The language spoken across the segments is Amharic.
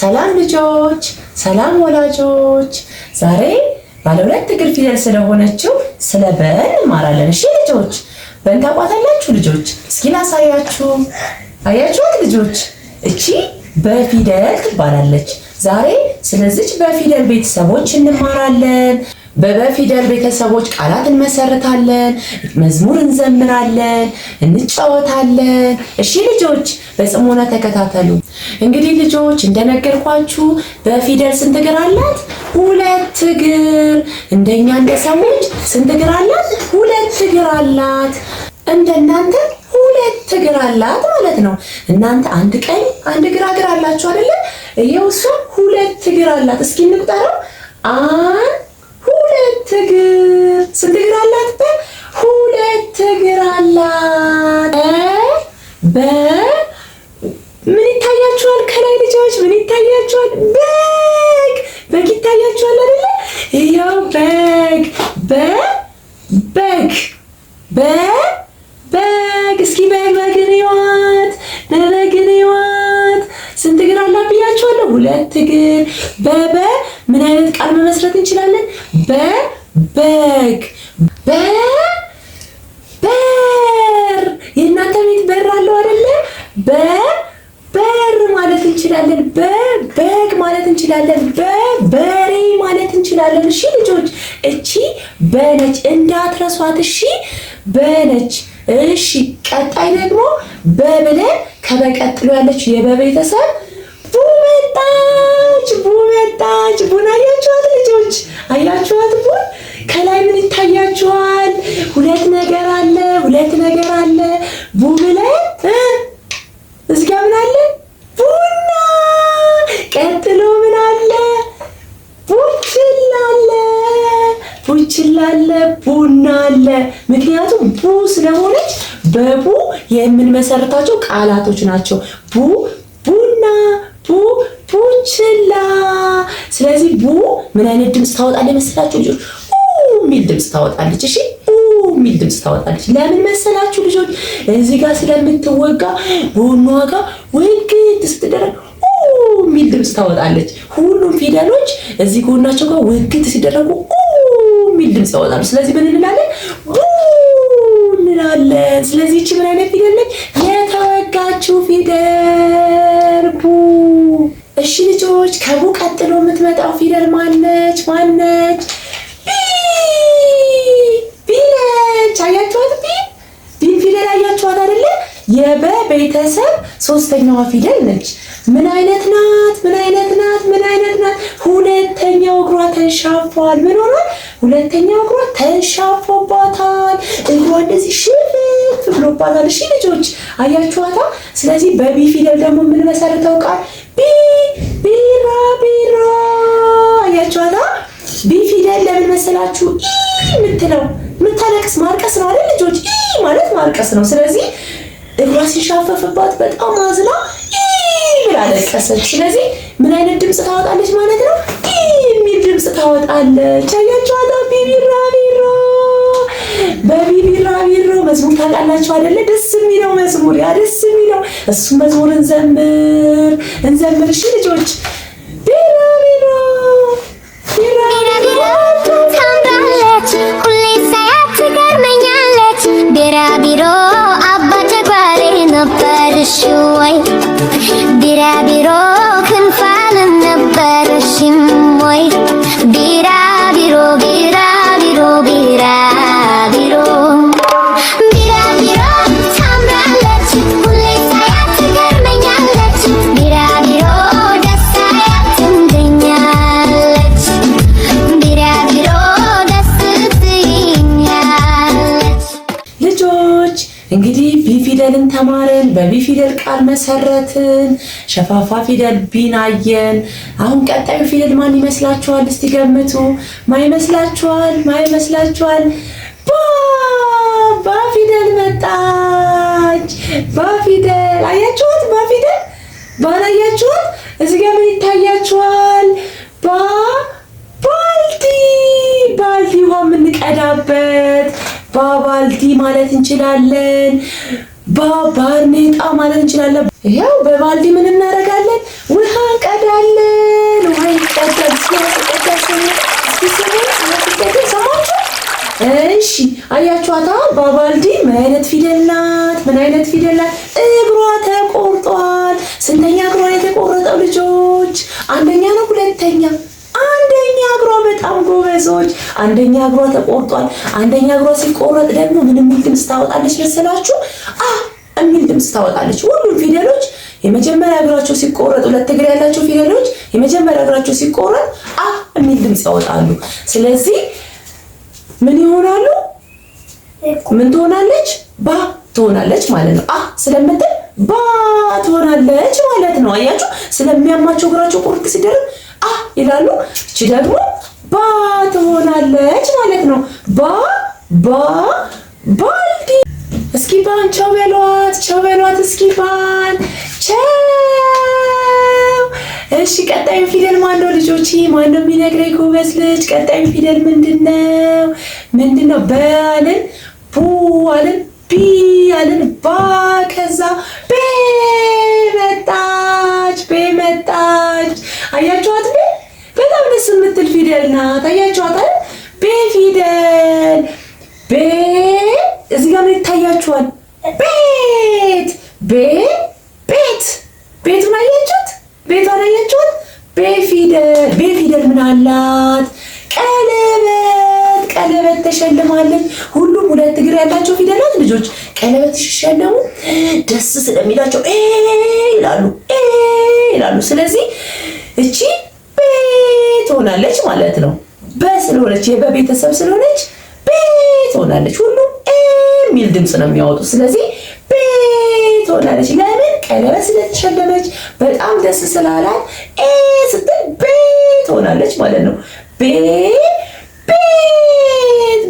ሰላም ልጆች፣ ሰላም ወላጆች። ዛሬ ባለ ሁለት እግር ፊደል ስለሆነችው ስለ በን እንማራለን። እሺ ልጆች፣ በን ታቋታላችሁ ልጆች? እስኪ ላሳያችሁ። አያችኋት ልጆች፣ እቺ በፊደል ትባላለች። ዛሬ ስለዚች በፊደል ቤተሰቦች እንማራለን። በበፊደል ቤተሰቦች ቃላት እንመሰርታለን፣ መዝሙር እንዘምራለን፣ እንጫወታለን። እሺ ልጆች በጽሞና ተከታተሉ። እንግዲህ ልጆች እንደነገርኳችሁ በፊደል ስንት እግር አላት? ሁለት እግር። እንደኛ እንደ ሰዎች ስንት እግር አላት? ሁለት እግር አላት። እንደናንተ ሁለት እግር አላት ማለት ነው። እናንተ አንድ ቀኝ አንድ ግራ እግር አላችሁ አይደለ? ይኸው እሷ ሁለት እግር አላት። እስኪ እንቁጠረው። አንድ እግር ስንት እግር አላት? ሁለት እግር አላት። በ ምን ይታያችኋል? ከላይ ልጆች ምን ይታያችኋል? በግ በግ ይታያችኋል አይደለ? ያው በግ በ በግ በ በግ እስኪ በግን ይዋት በበግን ይዋት ስንት እግር አላት ብያችኋለሁ? ሁለት እግር በበ ምን አይነት ቃል መመስረት እንችላለን? በ በግ በር የእናንተ ቤት በር አለው አይደለ? በር ማለት እንችላለን። በግ ማለት እንችላለን። በበሬ ማለት እንችላለን። እሺ ልጆች፣ እቺ በነች እንዳትረሷት። እሺ በነች። እሺ ቀጣይ ደግሞ በብለን ከበቀጥሎ ያለች የበቤተሰብ ቡ መጣች፣ ቡ መጣች። ቡን አያችኋት ልጆች፣ አያችኋት ቡን ከላይ ምን ይታያችኋል? ሁለት ነገር አለ፣ ሁለት ነገር አለ። ቡም ላይ እዚህ ምን አለ? ቡና። ቀጥሎ ምን አለ? ቡችላ ቡችላለ፣ አለ፣ ቡና አለ። ምክንያቱም ቡ ስለሆነች በቡ የምንመሰርታቸው ቃላቶች ናቸው። ቡ ቡና፣ ቡ ቡችላ። ስለዚህ ቡ ምን አይነት ድምፅ ታወጣል የመሰላችሁ ልጆች? የሚል ድምፅ ታወጣለች። እሺ የሚል ድምፅ ታወጣለች። ለምን መሰላችሁ ልጆች? እዚህ ጋር ስለምትወጋ ጎኗ ጋር ውግት ስትደረግ የሚል ድምፅ ታወጣለች። ሁሉም ፊደሎች እዚህ ጎናቸው ጋር ውግት ሲደረጉ የሚል ድምፅ ታወጣለች። ስለዚህ ምን እንላለን? ቡ እንላለን። ስለዚህ እቺ ምን አይነት ፊደል ነች? የተወጋችው ፊደል ቡ። እሺ ልጆች ከቡ ቀጥሎ የምትመጣው ፊደል ማነች? ማነች? የበ ቤተሰብ ሶስተኛዋ ፊደል ነች። ምን አይነት ናት? ምን አይነት ናት? ምን አይነት ናት? ሁለተኛው እግሯ ተንሻፏል። ምን ሆኗል? ሁለተኛው እግሯ ተንሻፎባታል። እግሯ እንደዚህ ሽልፍ ብሎባታል። እሺ ልጆች አያችኋታ? ስለዚህ በቢ ፊደል ደግሞ ምን መሰረተው ቃል ቢ ቢራ፣ ቢራ። አያችኋታ? ቢ ፊደል ለምን መሰላችሁ ኢ የምትለው የምታለቅስ ማርቀስ ነው አይደል ልጆች? ኢ ማለት ማርቀስ ነው። ስለዚህ እግሯ ሲሻፈፍባት በጣም አዝና ብላ ለቀሰች። ስለዚህ ምን አይነት ድምፅ ታወጣለች ማለት ነው? የሚል ድምፅ ታወጣለች። አያችኋት? ቢቢራቢሮ በቢቢራቢሮ መዝሙር ታውቃላችሁ አይደለ? ደስ የሚለው መዝሙር ያ ደስ የሚለው እሱ መዝሙር እንዘምር እንዘምር። እሺ ልጆች ነሽወይ ቢራቢሮ ክንፋልን ነበረሽም ወይ ቢራቢሮ ቢራቢሮ ቢራቢሮ ቢራቢሮ ታምራለች ሁሌ ሳያት ትገርመኛለች ቢራቢሮ ደስ ቢራቢሮ ደስ ልጆች እንግዲህ ቢ ፊደልን ተማረ በቢ ፊደል ቃል መሰረትን። ሸፋፋ ፊደል ቢን አየን። አሁን ቀጣዩ ፊደል ማን ይመስላችኋል? እስቲ ገምቱ። ማይመስላችኋል? ማይመስላችኋል? ማን ባ ፊደል መጣች። ባ ፊደል አያችሁት? ባ ፊደል ባን እዚህ ጋር ምን ይታያችኋል? ባ ባልቲ፣ ውሃ የምንቀዳበት ባባልዲ ማለት እንችላለን። ባርኔጣ ማለት እንችላለን። ያው በባልዲ ምን እናደርጋለን? ውሃ እንቀዳለን። ውሃ ይቀዳል። እሺ አያችኋታ። ባባልዲ ምን አይነት ፊደል ናት? ምን አይነት ፊደል ናት? አንደኛ እግሯ ተቆርጧል። አንደኛ እግሯ ሲቆረጥ ደግሞ ምን የሚል ድምፅ ታወጣለች መሰላችሁ? አ የሚል ድምፅ ታወጣለች። ሁሉም ፊደሎች የመጀመሪያ እግራቸው ሲቆረጥ፣ ሁለት እግር ያላቸው ፊደሎች የመጀመሪያ እግራቸው ሲቆረጥ አ የሚል ድምፅ ያወጣሉ። ስለዚህ ምን ይሆናሉ? ምን ትሆናለች? ባ ትሆናለች ማለት ነው። አ ስለምትል ባ ትሆናለች ማለት ነው። አያችሁ፣ ስለሚያማቸው እግራቸው ቁርጥ ሲደርግ አ ይላሉ። እቺ ደግሞ ባ ትሆናለች ማለት ነው። ባ ባ ባልዲ። እስኪ ባን ቸው በሏት፣ ቸው በሏት። እስኪ ባን ቸው። እሺ ቀጣዩ ፊደል ማነው ልጆች? ማነው የሚነግረኝ? ጎበዝ ልጅ ቀጣዩ ፊደል ምንድን ነው? ምንድን ነው? በአልን ቡ አልን ቢ አልን ባ ከዛ ቤ መጣች፣ ቤ መጣች። አያችኋል የምትል ፊደል ናት። አያችኋታል? ቤ ፊደል ቤ እዚህ ጋር ምን ይታያችኋል? ቤት ቤ ቤት ቤቱን አያችሁት? ቤቷን አያችሁት? ቤ ፊደል ቤ ፊደል ምን አላት? ቀለበት ቀለበት ተሸልማለች። ሁሉም ሁለት እግር ያላቸው ፊደላት ልጆች ቀለበት ሲሸለሙ ደስ ስለሚላቸው ይላሉ ይላሉ። ስለዚህ እቺ ቤት ሆናለች ማለት ነው። በስለሆነች በቤተሰብ ስለሆነች ቤት ሆናለች። ሁሉም የሚል ድምፅ ነው የሚያወጡ። ስለዚህ ቤት ሆናለች። ለምን ቀለበት ስለተሸለመች በጣም ደስ ስላላት ስትል ቤት ሆናለች ማለት ነው። ቤት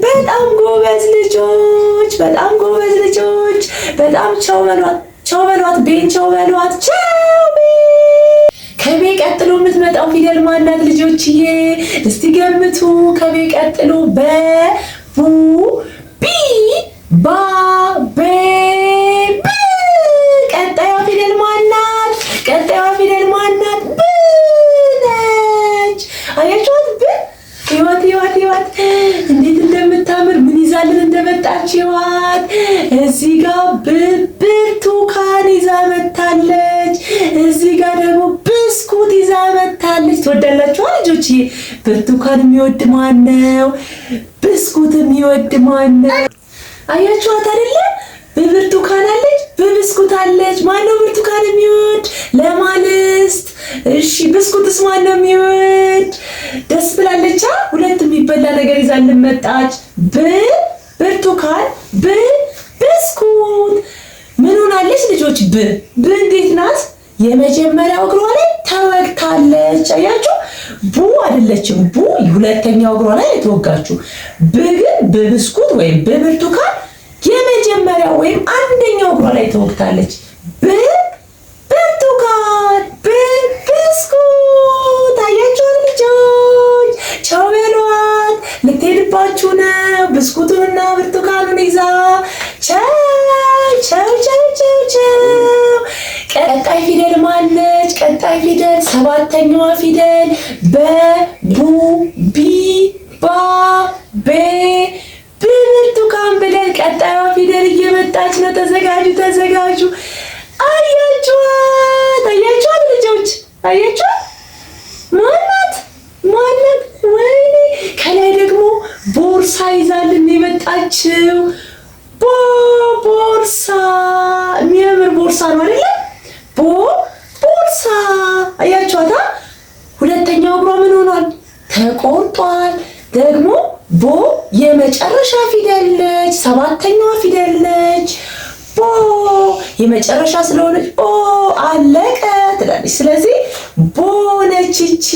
በጣም ጎበዝ ልጆች፣ በጣም ጎበዝ ልጆች። በጣም ቸው በሏት፣ ቸው በሏት፣ ቤት ቸው በሏት። ቀጥሎ የምትመጣው ፊደል ማናት ልጆችዬ? እስቲ ገምቱ። ከቤ ቀጥሎ በ፣ ቡ፣ ቢ፣ ባ፣ ቤ፣ ብ። ቀጣዩ ፊደል ማናት? ቀጣዩ ፊደል ማናት? ብ ነች። አያችኋት? ብ ህይወት ህይወት ህይወት እንዴት እንደምታምር ምን ይዛልን እንደመጣች ህይወት። እዚህ ጋር ብብርቱካን ይዛ መታለች። እዚህ ጋር ደግሞ ብስኩት ይዛ መታለች። ትወዳላችኋ ልጆች? ብርቱካን የሚወድ ማን ነው? ብስኩት የሚወድ ማን ነው? አያችኋት አይደለ? በብርቱካን አለች፣ በብስኩት አለች። ነው ብርቱካን የሚወድ ለማለስት? እሺ ብስኩትስ ማነው የሚወድ? ደስ ብላለች ሁለት የሚበላ ነገር ይዛ መጣች። ብ ብርቱካን ብ ብስኩት ምን ሆናለች ልጆች? ብ ብ እንዴት ናት? የመጀመሪያው እግሯ አለች። አያችሁ ቡ አይደለችም። ቡ ሁለተኛው እግሯ ላይ የተወጋችሁ። ብ በብስኩት ወይም በብርቱካን የመጀመሪያ ወይም አንደኛው እግሯ ላይ ተወግታለች። ብ ብርቱካን፣ ብ ብስኩት። አያችሁ ልጆች፣ ቻው በሏት፣ ልትሄድባችሁ ነው። ብስኩቱንና ብርቱካኑን ይዛ ቻው ቻው ቻው ቻው ቀጣይ ፊደል ማነች? ቀጣይ ፊደል ሰባተኛዋ ፊደል ቡ ቢ ባ ቤ ብርቱካን ብለን ቀጣይዋ ፊደል እየመጣች ነው። ተዘጋጁ ተዘጋጁ። አያችኋት አያችኋት ልጆች አያችኋት። ማናት ማናት? ወይኔ ከላይ ደግሞ ቦርሳ ይዛልን የመጣችው ቦርሳ የሚያምር ቦርሳ ነው አይደለ? ተቆርጧል። ደግሞ ቦ የመጨረሻ ፊደል ነች፣ ሰባተኛዋ ፊደል ነች። ቦ የመጨረሻ ስለሆነች ቦ አለቀ ትላለች። ስለዚህ ቦ ነች ይቺ።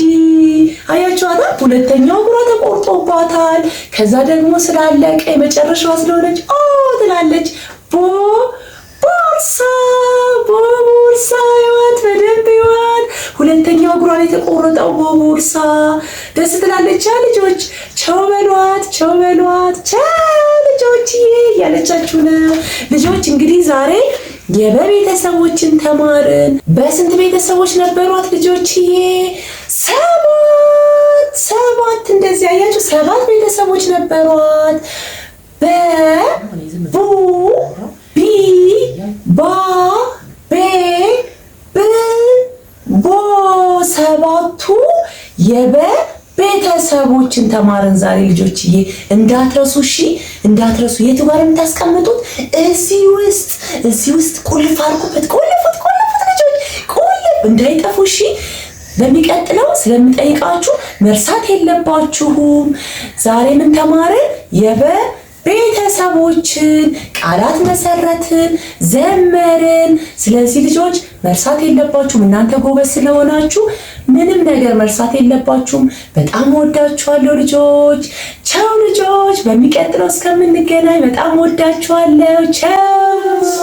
አያችኋታ፣ ሁለተኛው እግሯ ተቆርጦባታል። ከዛ ደግሞ ስላለቀ የመጨረሻዋ ስለሆነች ኦ ትላለች። ቦ ቦርሳ፣ ቦ ቦርሳ ይዋት፣ በደንብ ይዋት ሁለተኛው እግሯ ላይ የተቆረጠው ቦርሳ ደስ ትላለች። ልጆች ቸው በሏት፣ ቸው በሏት፣ ቸው ልጆች እያለቻችሁ ነው። ልጆች እንግዲህ ዛሬ የበቤተሰቦችን ተማርን። በስንት ቤተሰቦች ነበሯት ልጆችዬ? ሰባት ሰባት። እንደዚህ አያችሁ፣ ሰባት ቤተሰቦች ነበሯት። በ ቡ ቢ ባ ቤ ቦ ሰባቱ የበ ቤተሰቦችን ተማረን ዛሬ ልጆችዬ፣ እንዳትረሱ እሺ፣ እንዳትረሱ። የቱ ጋር የምታስቀምጡት? እዚህ ውስጥ እዚህ ውስጥ ቁልፍ አድርጉበት። ቁልፉት፣ ቁልፉት ልጆች፣ ቁልፍ እንዳይጠፉ እሺ። በሚቀጥለው ስለምጠይቃችሁ መርሳት የለባችሁም። ዛሬ ምን ተማረ የበ ቤተሰቦችን፣ ቃላት መሰረትን፣ ዘመርን። ስለዚህ ልጆች መርሳት የለባችሁም። እናንተ ጎበዝ ስለሆናችሁ ምንም ነገር መርሳት የለባችሁም። በጣም ወዳችኋለሁ ልጆች። ቸው ልጆች፣ በሚቀጥለው እስከምንገናኝ በጣም ወዳችኋለሁ። ቸው